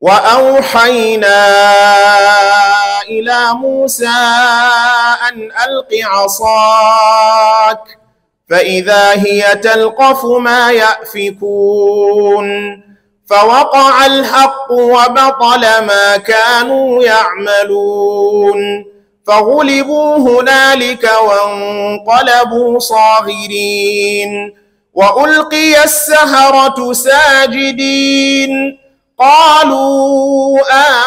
واوحينا الى موسى ان الق عصاك فاذا هي تلقف ما يافكون فوقع الحق وبطل ما كانوا يعملون فغلبوا هنالك وانقلبوا صاغرين والقي السهره ساجدين قالوا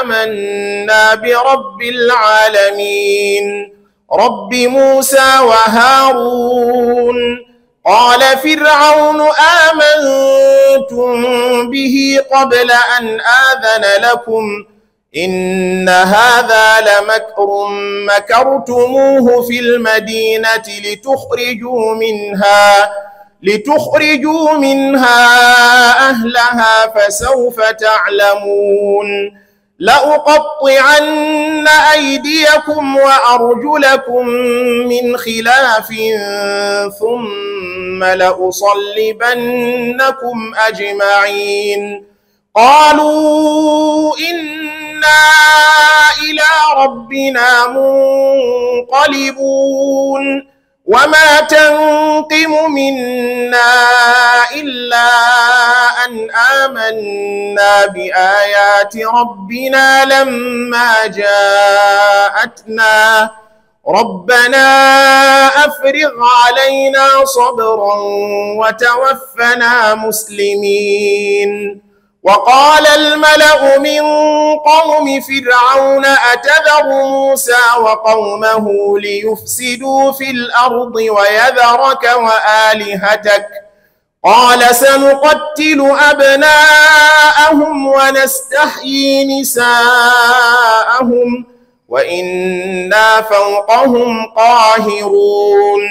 آمنا برب العالمين رب موسى وهارون قال فرعون آمنتم به قبل أن آذن لكم إن هذا لمكر مكرتموه في المدينة لتخرجوا منها لتخرجوا منها أهلها فسوف تعلمون لأقطعن أيديكم وأرجلكم من خلاف ثم لأصلبنكم أجمعين قالوا إنا إلى ربنا منقلبون وما تنقم منا إلا أن آمنا بآيات ربنا لما جاءتنا ربنا أفرغ علينا صبرا وتوفنا مسلمين وقال الملأ من قوم فرعون أتذر موسى وقومه ليفسدوا في الأرض ويذرك وآلهتك قال سنقتل أبناءهم ونستحيي نساءهم وإنا فوقهم قاهرون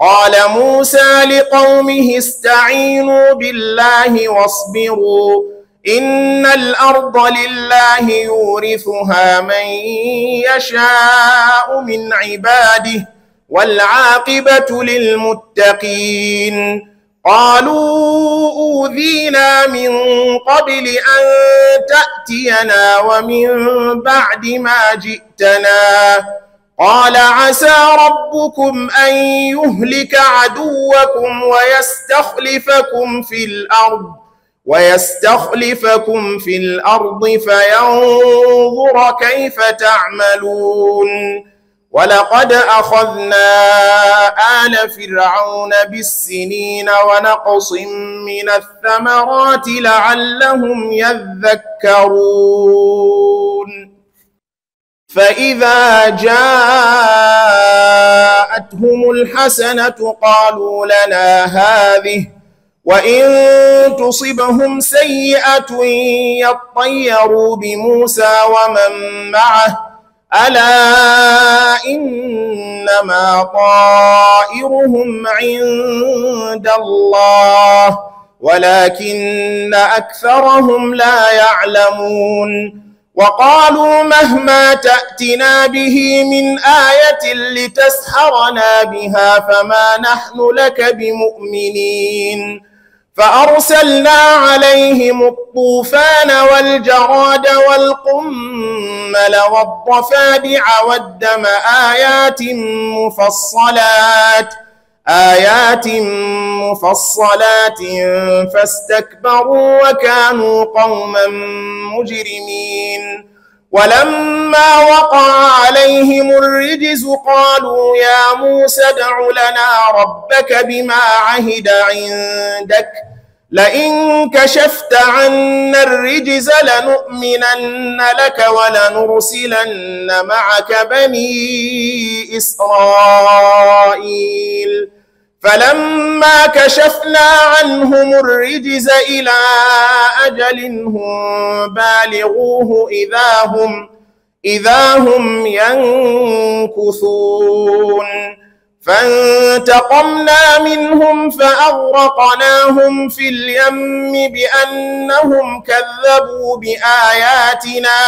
قال موسى لقومه استعينوا بالله واصبروا إن الأرض لله يورثها من يشاء من عباده والعاقبة للمتقين قالوا أوذينا من قبل أن تأتينا ومن بعد ما جئتنا قال عسى ربكم أن يهلك عدوكم ويستخلفكم في الأرض ويستخلفكم في الأرض فينظر كيف تعملون ولقد أخذنا آل فرعون بالسنين ونقص من الثمرات لعلهم يذكرون فإذا جاءتهم الحسنة قالوا لنا هذه وإن تصبهم سيئة يطيروا بموسى ومن معه ألا إنما طائرهم عند الله ولكن أكثرهم لا يعلمون وقالوا مهما تأتنا به من آية لتسحرنا بها فما نحن لك بمؤمنين فأرسلنا عليهم الطوفان والجراد والقمل والضفادع والدم آيات مفصلات آيات مفصلات فاستكبروا وكانوا قوما مجرمين ولما وقع عليهم الرجز قالوا يا موسى ادع لنا ربك بما عهد عندك لئن كشفت عنا الرجز لنؤمنن لك ولنرسلن معك بني إسرائيل فلما كشفنا عنهم الرجز إلى أجل هم بالغوه إذا هم إذا هم ينكثون فانتقمنا منهم فأغرقناهم في اليم بأنهم كذبوا بآياتنا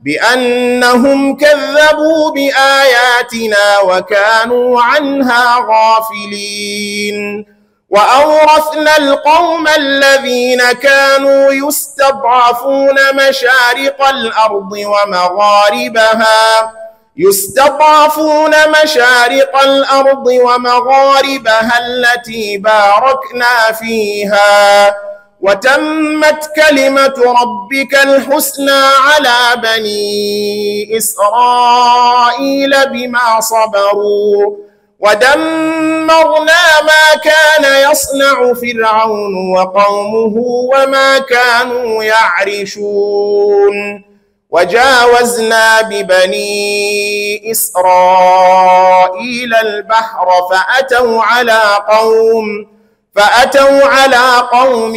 بأنهم كذبوا بآياتنا وكانوا عنها غافلين وأورثنا القوم الذين كانوا يستضعفون مشارق الأرض ومغاربها يستضعفون مشارق الأرض ومغاربها التي باركنا فيها وتمت كلمة ربك الحسنى على بني إسرائيل بما صبروا ودمرنا ما كان يصنع فرعون وقومه وما كانوا يعرشون وجاوزنا ببني إسرائيل البحر فأتوا على قوم فأتوا على قوم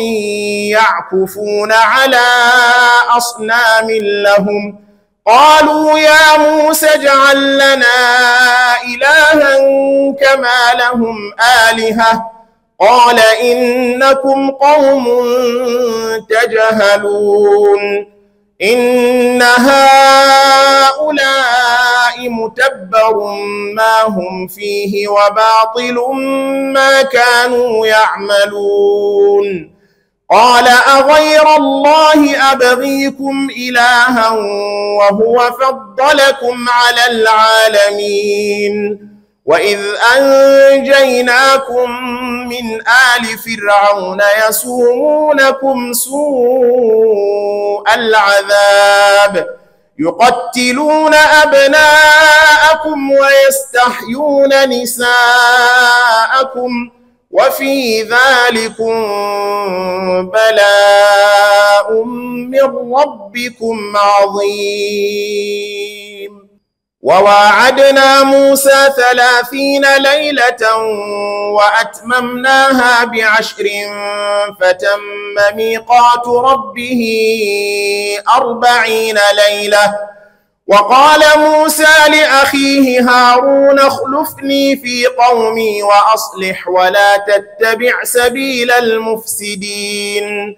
يعكفون على أصنام لهم قالوا يا موسى اجعل لنا إلها كما لهم آلهة قال إنكم قوم تجهلون إن هؤلاء متبر ما هم فيه وباطل ما كانوا يعملون قال أغير الله أبغيكم إلها وهو فضلكم على العالمين وإذ أنجيناكم من آل فرعون يسومونكم سوء العذاب يقتلون أبناءكم ويستحيون نساءكم وفي ذلكم بلاء من ربكم عظيم وواعدنا موسى ثلاثين ليلة وأتممناها بعشر فتم ميقات ربه أربعين ليلة وقال موسى لأخيه هارون اخلفني في قومي وأصلح ولا تتبع سبيل المفسدين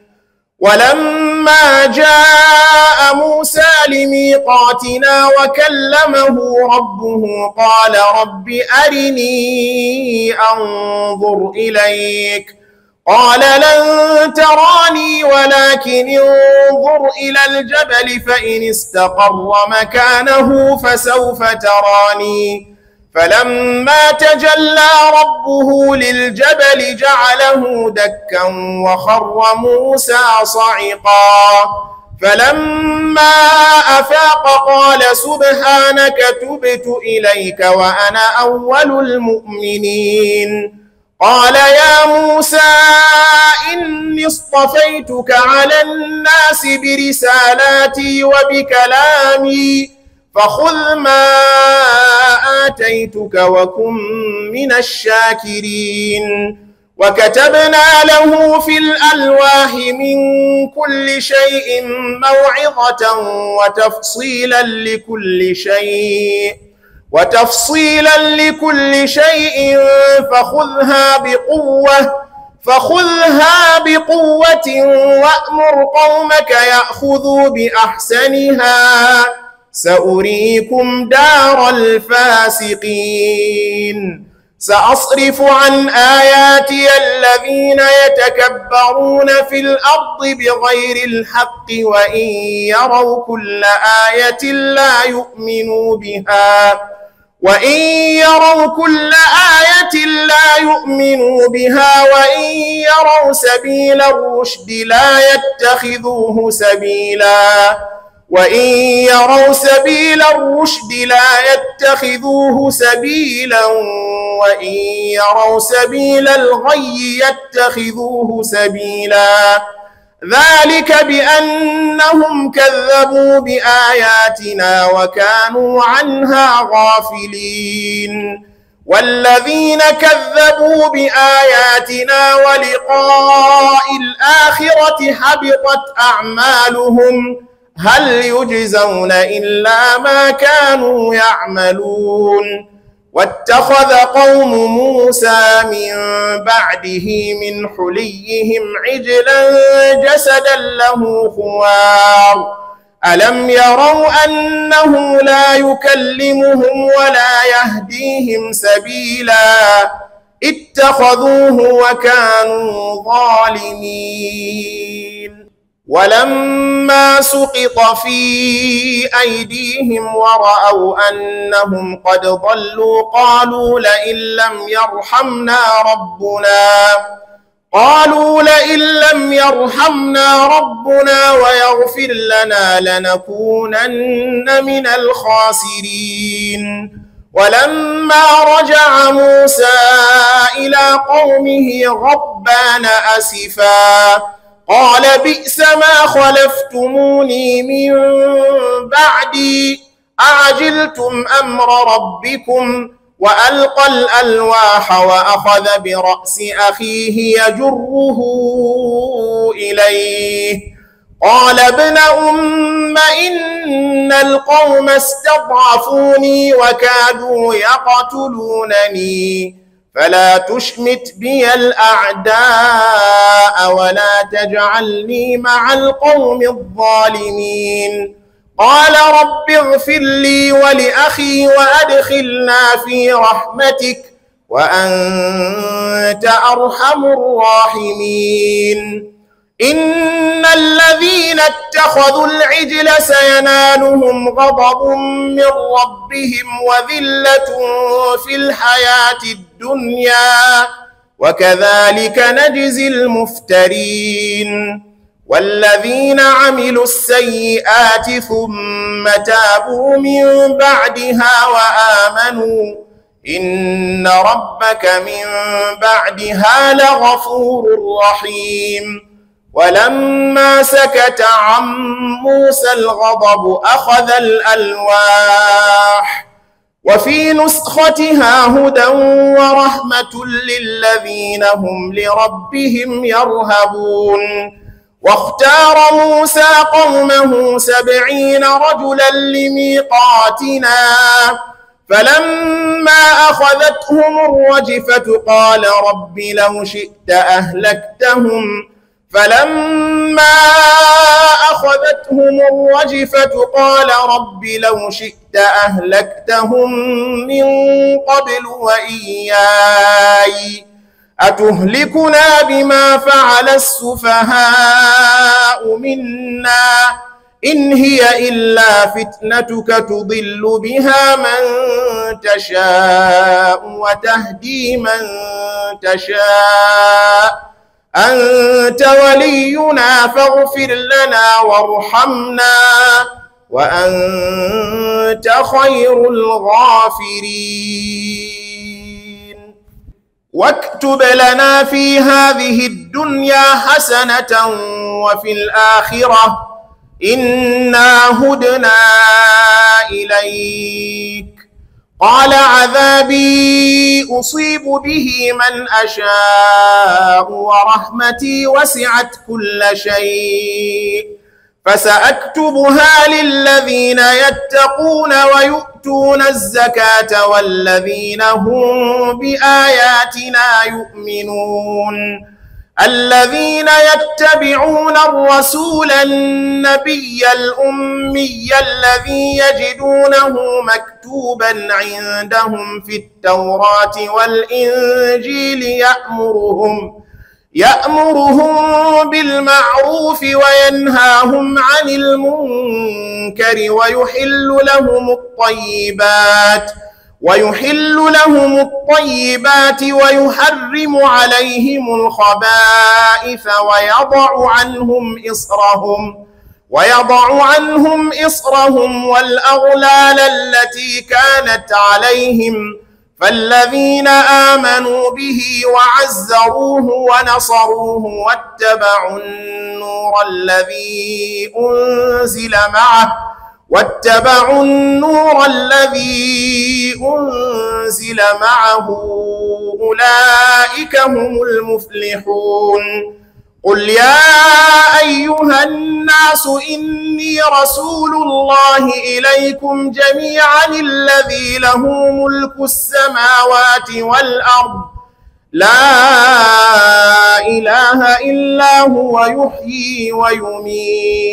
ولما جاء موسى لميقاتنا وكلمه ربه قال رب أرني أنظر إليك قال لن تراني ولكن انظر إلى الجبل فإن استقر مكانه فسوف تراني فلما تجلى ربه للجبل جعله دكا وخر موسى صعقا فلما أفاق قال سبحانك تبت إليك وأنا أول المؤمنين قال يا موسى إني اصطفيتك على الناس برسالاتي وبكلامي فخذ ما آتيتك وكن من الشاكرين وكتبنا له في الألواح من كل شيء موعظة وتفصيلا لكل شيء وتفصيلا لكل شيء فخذها بقوة فخذها بقوة وأمر قومك يأخذوا بأحسنها سأريكم دار الفاسقين سأصرف عن آياتي الذين يتكبرون في الأرض بغير الحق وإن يروا كل آية لا يؤمنوا بها وإن يروا كل آية لا يؤمنوا بها وإن يروا سبيل الرشد لا يتخذوه سبيلاً وإن يروا سبيل الرشد لا يتخذوه سبيلا وإن يروا سبيل الغي يتخذوه سبيلا ذلك بأنهم كذبوا بآياتنا وكانوا عنها غافلين والذين كذبوا بآياتنا ولقاء الآخرة حبطت أعمالهم هل يجزون إلا ما كانوا يعملون واتخذ قوم موسى من بعده من حليهم عجلا جسدا له خوار ألم يروا أنه لا يكلمهم ولا يهديهم سبيلا اتخذوه وكانوا ظالمين ولما سقط في أيديهم ورأوا أنهم قد ضلوا قالوا لئن لم يرحمنا ربنا قالوا لئن لم يرحمنا ربنا ويغفر لنا لنكونن من الخاسرين ولما رجع موسى إلى قومه غضبان أسفاً قال بئس ما خلفتموني من بعدي أعجلتم أمر ربكم وألقى الألواح وأخذ برأس أخيه يجره إليه قال ابن أم إن القوم استضعفوني وكادوا يقتلونني فلا تشمت بي الأعداء ولا تجعلني مع القوم الظالمين قال رب اغفر لي ولأخي وأدخلنا في رحمتك وأنت أرحم الراحمين إن الذين اتخذوا العجل سينالهم غضب من ربهم وذلة في الحياة الدنيا الدنيا وكذلك نجزي المفترين والذين عملوا السيئات ثم تابوا من بعدها وآمنوا إن ربك من بعدها لغفور رحيم ولما سكت عن موسى الغضب أخذ الألواح وفي نسختها هدى ورحمة للذين هم لربهم يرهبون واختار موسى قومه سبعين رجلا لميقاتنا فلما أخذتهم الرجفة قال رب لو شئت أهلكتهم فلما أخذتهم الرجفة قال رب لو شئت أهلكتهم من قبل وإياي أتهلكنا بما فعل السفهاء منا إن هي إلا فتنتك تضل بها من تشاء وتهدي من تشاء أنت ولينا فاغفر لنا وارحمنا وأنت خير الغافرين واكتب لنا في هذه الدنيا حسنة وفي الآخرة إنا هدنا إليك قال عذابي أصيب به من أشاء ورحمتي وسعت كل شيء فسأكتبها للذين يتقون ويؤتون الزكاة والذين هم بآياتنا يؤمنون الذين يتبعون الرسول النبي الأمي الذي يجدونه مكتوبا عندهم في التوراة والإنجيل يأمرهم يأمرهم بالمعروف وينهاهم عن المنكر ويحل لهم الطيبات ۖ ويحل لهم الطيبات ويحرم عليهم الخبائث ويضع عنهم إصرهم ويضع عنهم إصرهم والأغلال التي كانت عليهم فالذين آمنوا به وعزروه ونصروه واتبعوا النور الذي أنزل معه واتبعوا النور الذي أنزل معه أولئك هم المفلحون قل يا أيها الناس إني رسول الله إليكم جميعا الذي له ملك السماوات والأرض لا إله إلا هو يحيي ويميت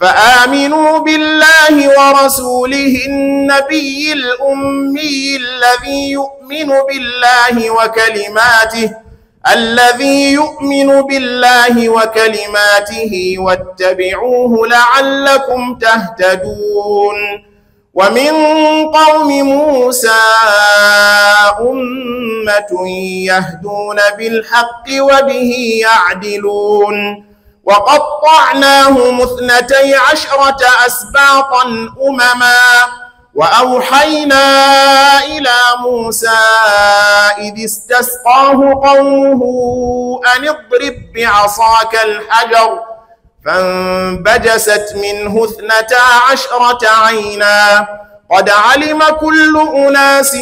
فآمنوا بالله ورسوله النبي الأمي الذي يؤمن بالله وكلماته الذي يؤمن بالله وكلماته واتبعوه لعلكم تهتدون ومن قوم موسى أمة يهدون بالحق وبه يعدلون وقطعناهم اثنتي عشرة أسباطا أمما وأوحينا إلى موسى إذ استسقاه قومه أن اضرب بعصاك الحجر فانبجست منه اثنتا عشرة عينا قد علم كل أناس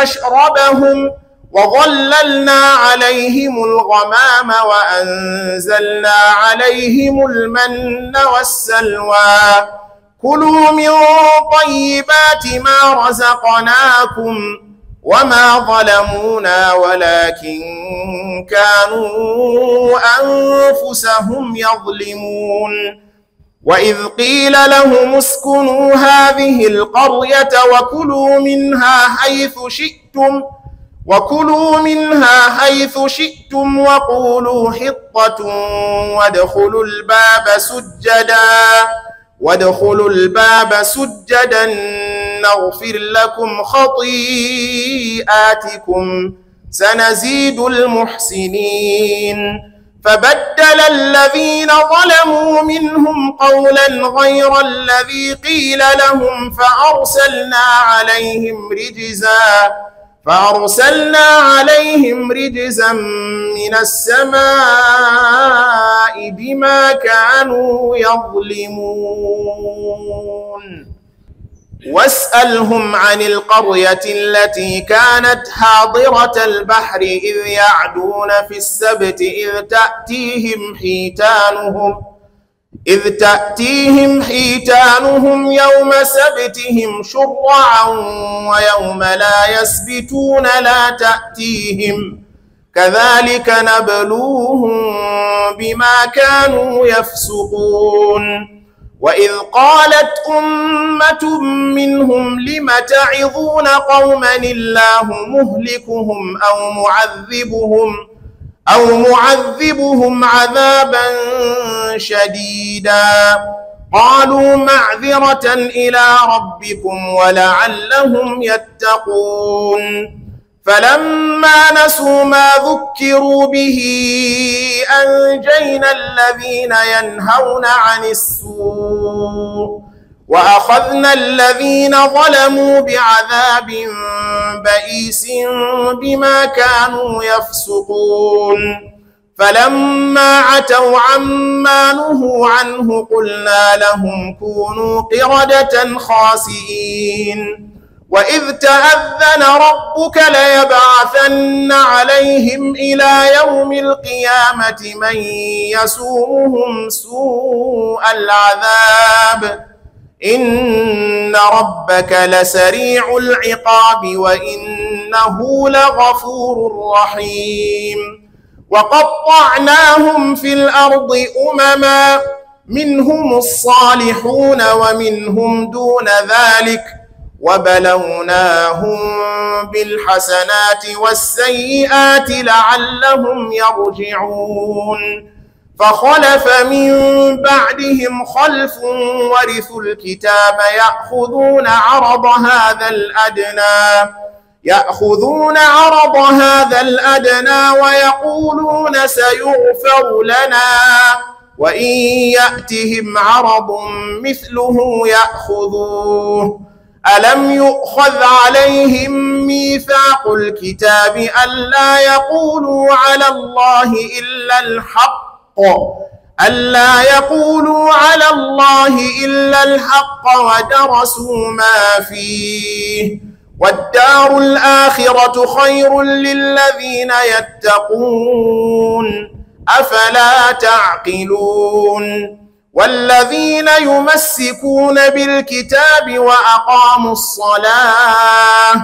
مشربهم وظللنا عليهم الغمام وأنزلنا عليهم المن والسلوى كلوا من طيبات ما رزقناكم وما ظلمونا ولكن كانوا أنفسهم يظلمون وإذ قيل لهم اسكنوا هذه القرية وكلوا منها حيث شئتم وكلوا منها حيث شئتم وقولوا حطة وادخلوا الباب سجدا وادخلوا الباب سجدا نغفر لكم خطيئاتكم سنزيد المحسنين فبدل الذين ظلموا منهم قولا غير الذي قيل لهم فأرسلنا عليهم رجزاً فأرسلنا عليهم رجزا من السماء بما كانوا يظلمون واسألهم عن القرية التي كانت حاضرة البحر إذ يعدون في السبت إذ تأتيهم حيتانهم إذ تأتيهم حيتانهم يوم سبتهم شرعا ويوم لا يسبتون لا تأتيهم كذلك نبلوهم بما كانوا يفسقون وإذ قالت أمة منهم لم تعظون قوما الله مهلكهم أو معذبهم ۖ أو معذبهم عذابا شديدا قالوا معذرة إلى ربكم ولعلهم يتقون فلما نسوا ما ذكروا به أنجينا الذين ينهون عن السوء وأخذنا الذين ظلموا بعذاب بئيس بما كانوا يفسقون فلما عتوا عما نهوا عنه قلنا لهم كونوا قردة خاسئين وإذ تأذن ربك ليبعثن عليهم إلى يوم القيامة من يسومهم سوء العذاب إن ربك لسريع العقاب وإنه لغفور رحيم وقطعناهم في الأرض أمما منهم الصالحون ومنهم دون ذلك وبلوناهم بالحسنات والسيئات لعلهم يرجعون فخلف من بعدهم خلف ورثوا الكتاب يأخذون عرض هذا الأدنى يأخذون عرض هذا الأدنى ويقولون سيغفر لنا وإن يأتهم عرض مثله يأخذوه ألم يؤخذ عليهم ميثاق الكتاب ألا يقولوا على الله إلا الحق ألا يقولوا على الله إلا الحق ودرسوا ما فيه والدار الآخرة خير للذين يتقون أفلا تعقلون والذين يمسكون بالكتاب وأقاموا الصلاة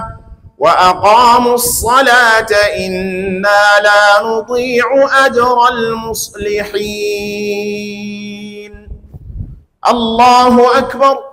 وأقاموا الصلاة إنا لا نضيع أجر المصلحين الله أكبر